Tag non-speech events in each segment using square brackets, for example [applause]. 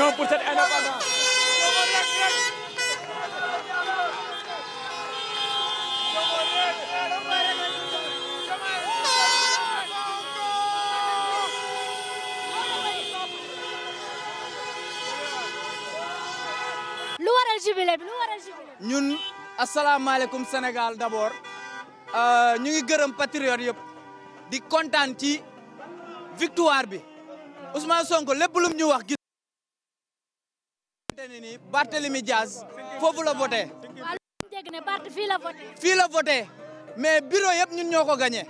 fédération pour cette indépendance. lu waral jubilé bi bi. ñun asalaamaaleykum Sénégal d'abord euh, ñu ngi gërëm patriote yëpp di kontaan ci victoire bi Ousmane Sonko lépp lum ñu wax gis. xamante ne ni Barthélemy Diaz foofu la voté. fii la voté mais bureau yëpp ñun ñoo ko gagné.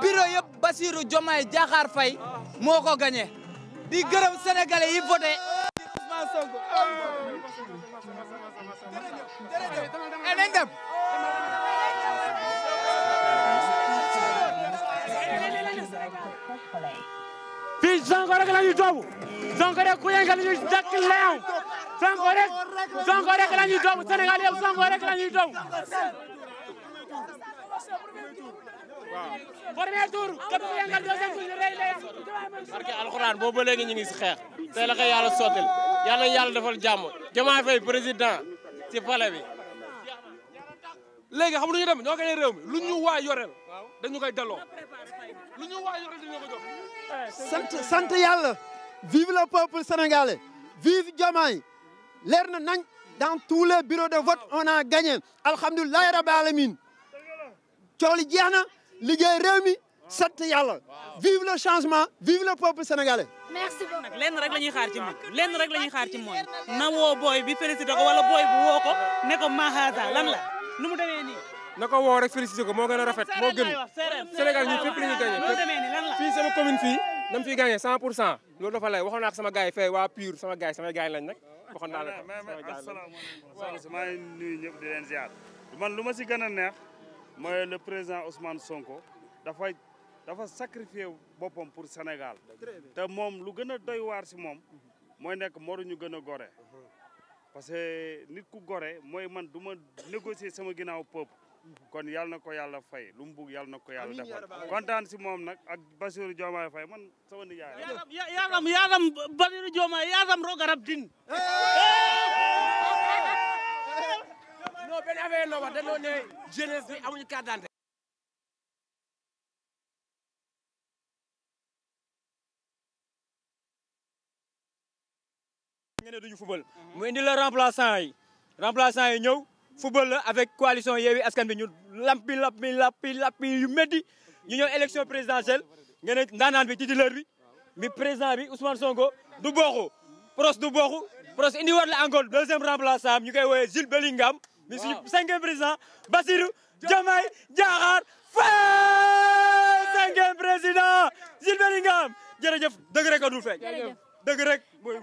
bureau yëpp Bassirou Diomaye Diakhar Faye moo ko gagné. di gërëm sénégalais yi voté. Ousmane Sonko. nañ dem. fii Sonko rek ku yëngal ñu dakk leew Sonko rek Sonko rek la ñuy doomu Sénégal yëpp Sonko rek la ñuy doomu. premier tour képp ku yàngal deuxième tour ñu ngi si xeex tey la ko yàlla sottil yàlla defal jàmm Diomaye Faye président ci palais bi. léegi xam lu ñu dem ñoo koy réew mi lu ñu waa yoreel dañu koy delloo lu ñu waa yoreel dañu ko jox. Eh, sant sant yàlla vive le peuple sénégalais vive Diomaye. leer na nañ dans tous les bureaux de vote on a gagné alhamdulilah rabbi alamin coow jeex na liggéey réew mi sant yàlla vive le changement vive le peuple sénégalais. merci beaucoup nag lenn rek la ñuy xaar ci lenn rek la ñuy xaar mooy na woo booy bi félicité ko wala booy bu woo ko ne mahaza lan la nu mu demee ko woo rek félicité ko moo gën a rafet moo gën Sénégal ñun fépp la ñuy gagné fii sama commune fii na mu fiy pour 100 loolu dafa naa ak sama gars yi fee waa Pire sama gars yi samay gars yi waxoon naa la ko asalaamaaleykum maa ngi nuyu ñëpp di man lu ma si gën a neex mooy le président Ousmane Sonko dafa dafa sacrifié boppam pour Sénégal te moom lu gën a doy waar si moom mooy nekk moruñu gën a gore uh-huh. parce que nit ku gore mooy man du ma négocier sama ginaaw peuple kon yàlla na ko yàlla fay lu mu bugg yàlla na ko yàlla defal kontaan si moom nag ak Bassirou Diomaye Faye man sama nijaay yaaram yaaram Bassirou Diomaye yaaram rogarab din [laughs] non benn affaire la wax dañoo ne jeunesse bi amuñu carte d'identité ngeen ne duñu fubal mhm. mu indi la remplaçant yi remplaçant yi ñëw football la avec coalition Yewwi Askan Wi ñu lampi lampi lampi lampi yu métti ñu ñëw élection présidentielle nga ne ndaanaan bi titulaire bi mi président bi Ousmane Sonko du bokku Prost du bokku Prost indi war la encore deuxième remplaçant ñu koy wooyee Jules Bellingham mi suñu cinquième président Bassirou Diomaye Diakhar Faye cinquième président Jules Bellingham jërëjëf dëgg rek a dul fekk dëgg rek mooy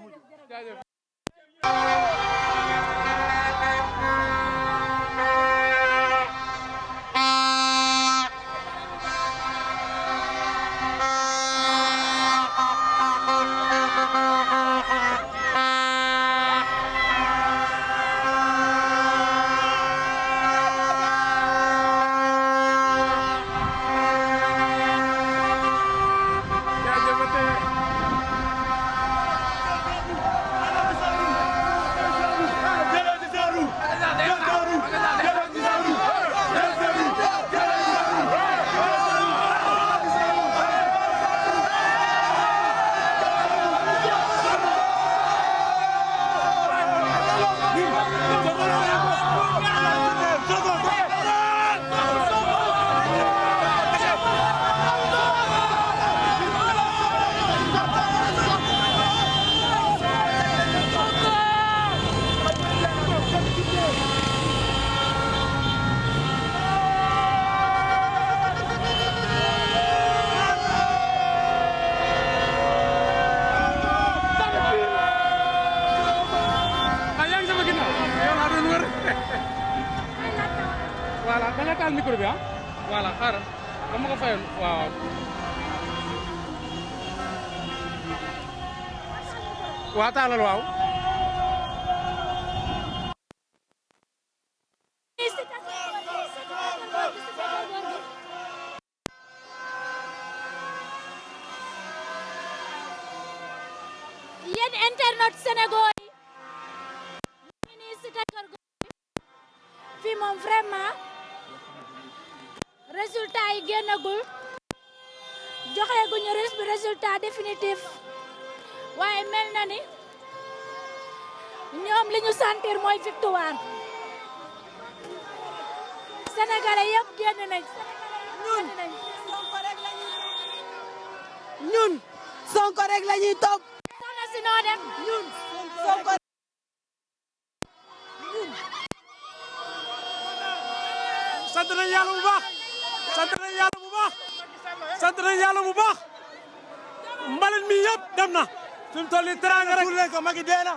waa taalal waaw. yéen internet Sénégal yi. moom vraiment. résultat yi génnagul. joxe gu résultat définitif. waaye mel na ni ñoom li ñu sentir mooy victoire sénégalais yëpp génn nañ ñun sonko rek lañuy ñun sonko rek lañuy topp soxna ñun sonko ñun sant nañ yàlla bu baax sant nañ yàlla bu mi yëpp dem na suñu toll nii teraanga rek. suulee ko Macky dee na.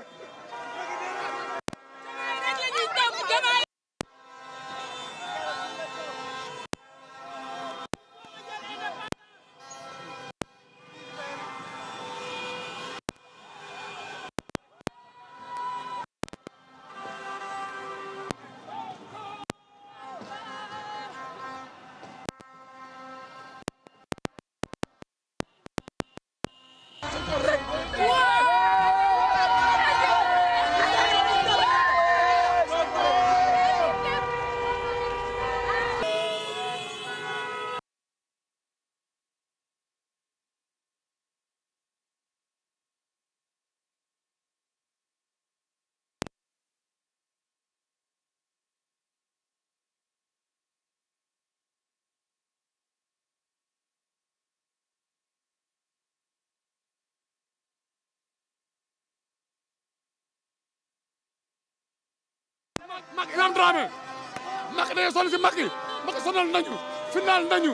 mag Ibrahima Dramé mag dañoo sonn si mag yi mag sonal nañu final nañu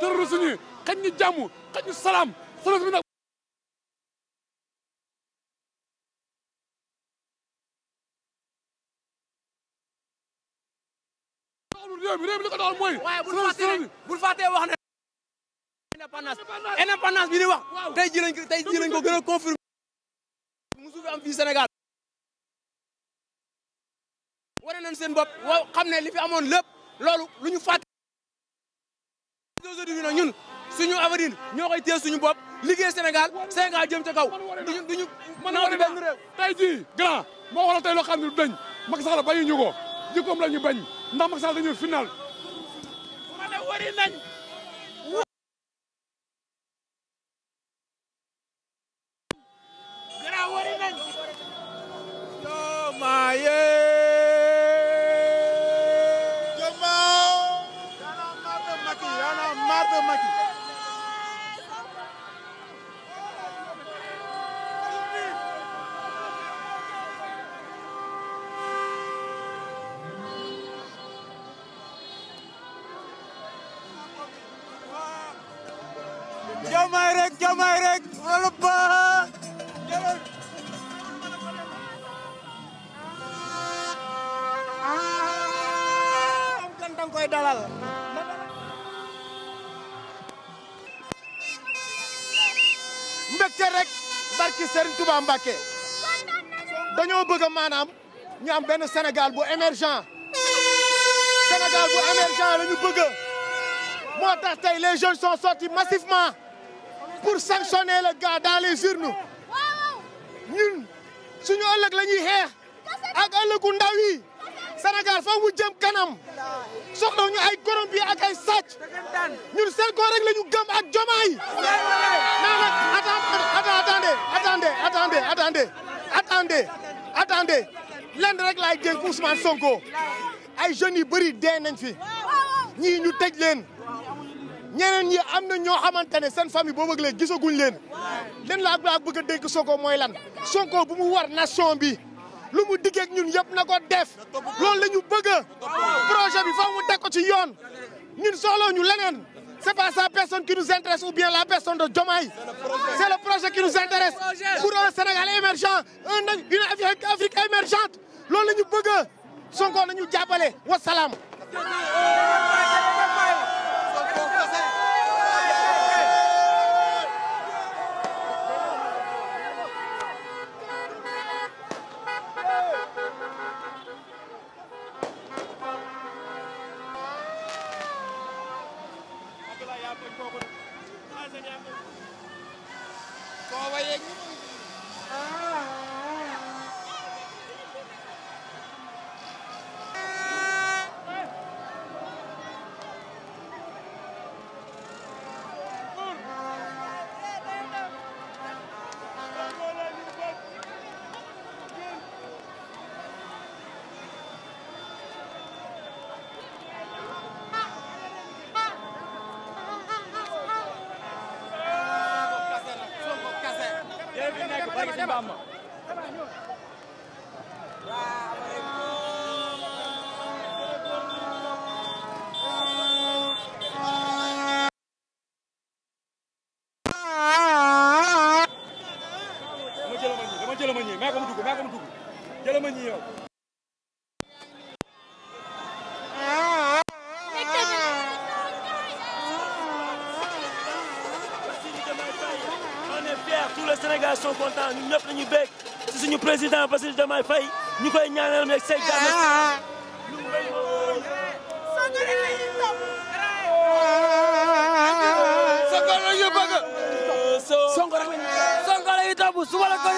tëral suñu xëj ñu jàmm xëj ñu salaam sonal mi réew bul bul fàtte wax ne. indépendance indépendance bi ni wax. tey jii lañ ko ko gën a confirmer. musu fi am fii Sénégal. wane nañ seen bopp waaw xam ne li fi amoon lépp loolu lu ñu fàtte aujourd'hui nag ñun suñu avenir ñoo koy téye suñu bopp liggéey Sénégal Sénégal jëm ca kaw duñu duñu naw di benn réew tey jii grand moo waral tey loo xam ne dañ Macky Sall bañu ñu ko la ñu bañ ndax Macky Sall dañu final wari nañ Diomaye rek Diomaye rek wala ba ah, am koy dalal mbégte rek barki Serigne Touba Mbacké dañoo bëgg maanaam ñu benn Sénégal bu émergent Sénégal bu émergent la ñu bëgg moo tax tey les jeunes sont sortis massivement pour sanctionner le gars dans les urnes ñun suñu ëllëg la ñuy xeex ak ëllëgu ndaw yi Sénégal fa mu jëm kanam soxla ñu ay gorom bi ak ay sàcc ñun Sonko rek la ñu gëm ak Diomaye mais nag attendez attendez attendez attendez attendez attendez attendez lenn rek laay dénk Ousmane Sonko ay jeunes yu bëri dee nañ fi ñii ñu tëj leen ñeneen ñi am na ñoo xamante ne seen famille boo bëgg leen gisaguñ leen leen laa laa bëgg dénk Sonko mooy lan Sonko bu mu war nation bi lu mu diggeek ñun yëpp na ko def loolu la ñu bëgg projet bi foofu mu teg ko ci yoon ñun soxla ñu leneen c'est pas sa personne qui nous intéresse ou bien la personne de Diomaye c'est le projet qui nous intéresse pour un Sénégal émergent un une Afrique émergente loolu la ñu bëgg Sonko nañu jàppale wasalaam convoyé fi nekk bari si Bamba kontaan ñun ñëpp dañuy si suñu président Bassirou Diomaye Faye ñu koy ñaanal rek say jàmm. Sonko la ñu bëgg. Sonko la ñu topp suba la ko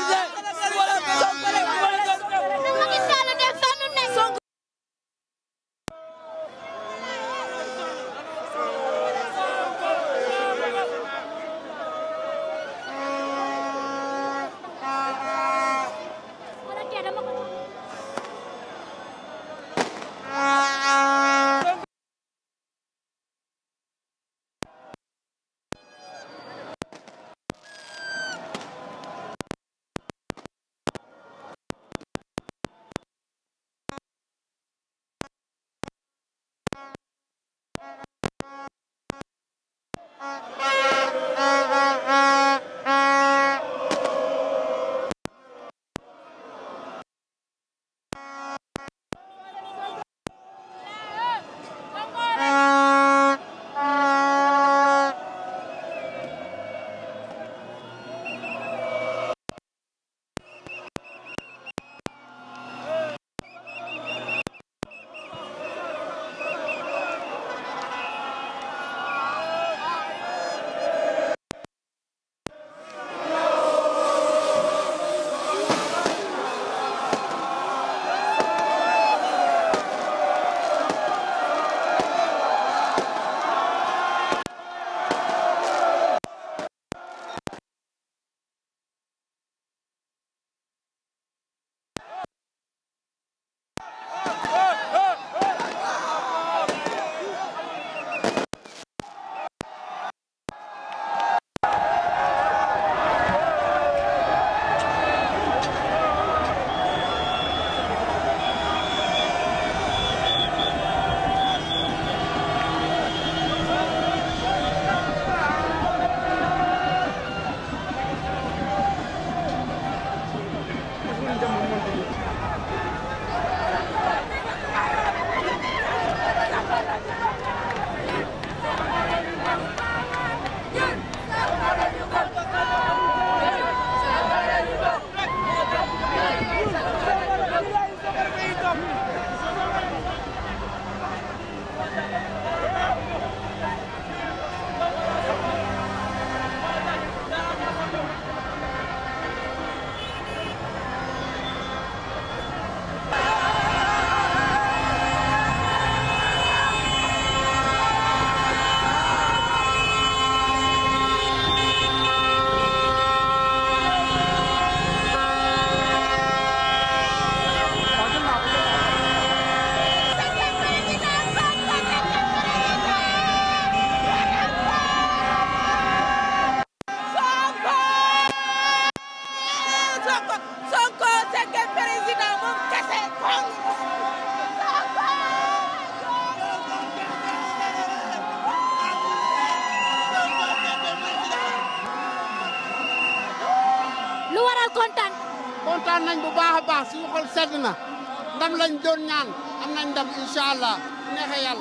nañ ndam incha allah neexee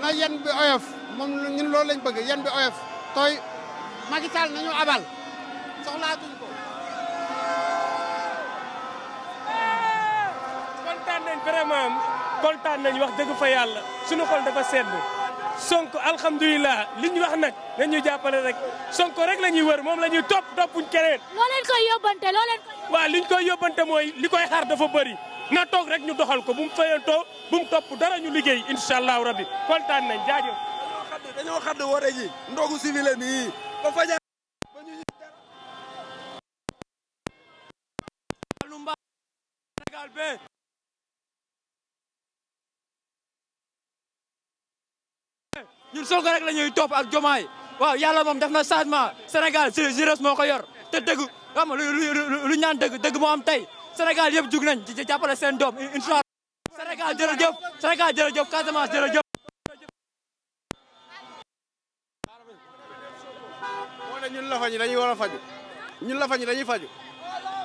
na yen bi oyof moom ñun loolu lañ bëgg yen bi oyof tooy Macky Sall nañu abal soxlaatuñ ko. kontaan nañ vraiment kontaan nañ wax dëgg fa yàlla suñu xol dafa sedd Sonko alhamdulilah li ñu wax nag nañ ñu jàppale rek sonk rek lañuy ñuy wër moom la ñuy topp toppuñ keneen. loo koy yóbbante loo leen koy. li koy yóbbante mooy li koy xaar dafa bari na toog rek ñu doxal ko bu mu fayantoo bu topp dara ñu liggéey incha allahu rabbi kontaan nañ jaajëf. dañoo xam ne woote ji ndogu civil nii ba faja ñun Sonko rek la ñuy topp ak Diomaye waaw yàlla moom def na changement Sénégal si Jures moo ko yor te dëgg xam lu lu ñaan dëgg dëgg moo tey senegal yëpp jug nañ ci jàppale seen doom incha allah Sénégal jërëjëf Sénégal jërëjëf Casamance jërëjëf. moo ne ñun la fañu dañuy war a faju ñun la fañu dañuy faju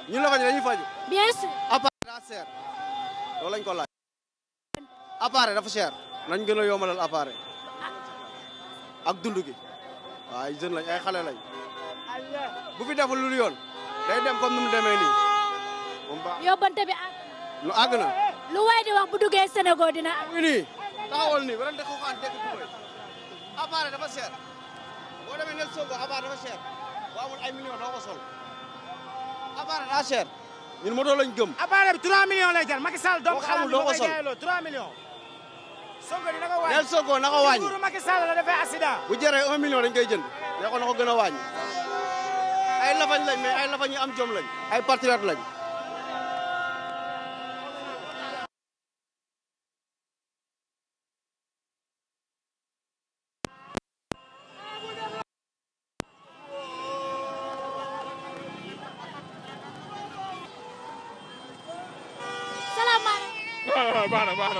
ñun la fañu dañuy faju bien sûr. appareil daa cher loolu lañ ko laaj. appareil dafa cher. nañ gën a yombalal appareil ak dund gi waaye jeune lañ ay xale lañ bu fi deful lu yoon day dem comme ni demee nii. yóbbante bi àgg na. lu àgg na. lu waay wax bu duggee Sénégal am. ñu nii taxawal nii wala dafa xaw a dégg Dubaï. appareil dafa cher. boo dafa cher. boo amul ay millions doo ñun moto lañ gëm. appareil bi 3 millions lay jar Macky Sall doomu xaram doo ko sol 3 millions. Sonko neel Sonko na ko bu jëree 1 koy jënd. ne ko gën a wàññi. ay lafañ lañ mais ay lafañ yu am jom lañ. ay patriote lañ.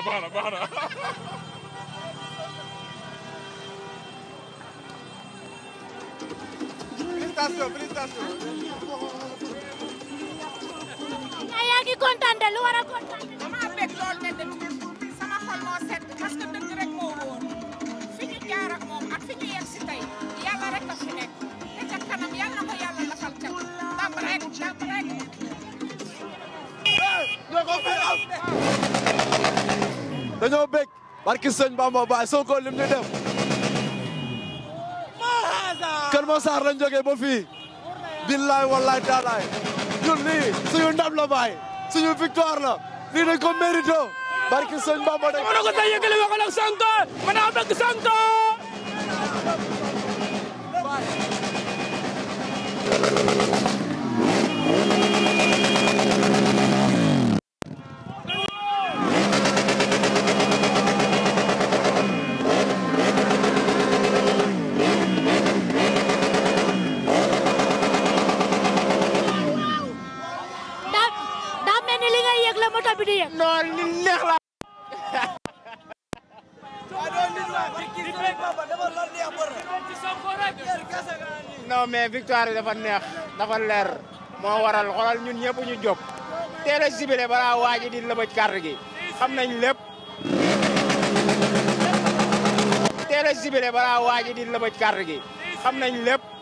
baax na baax na dañoo bég barki sëñ Bamba Baye Sonko lim ñu def. Kër Masar lañ jógee ba fii. billaay wallaay taalaay ñun lii suñu ndam la Baye suñu victoire la lii dañ ko barki sëñ Bamba dañ ko. naa bëgg Sonko. Baye. victoire bi dafa neex dafa leer moo waral xoolal ñun ñëpp ñu jóg teel a sibile balaa waa ji di lëbëj carte gi xam nañ lépp teel a sibile balaa waa ji di lëbëj carte gi xam nañ lépp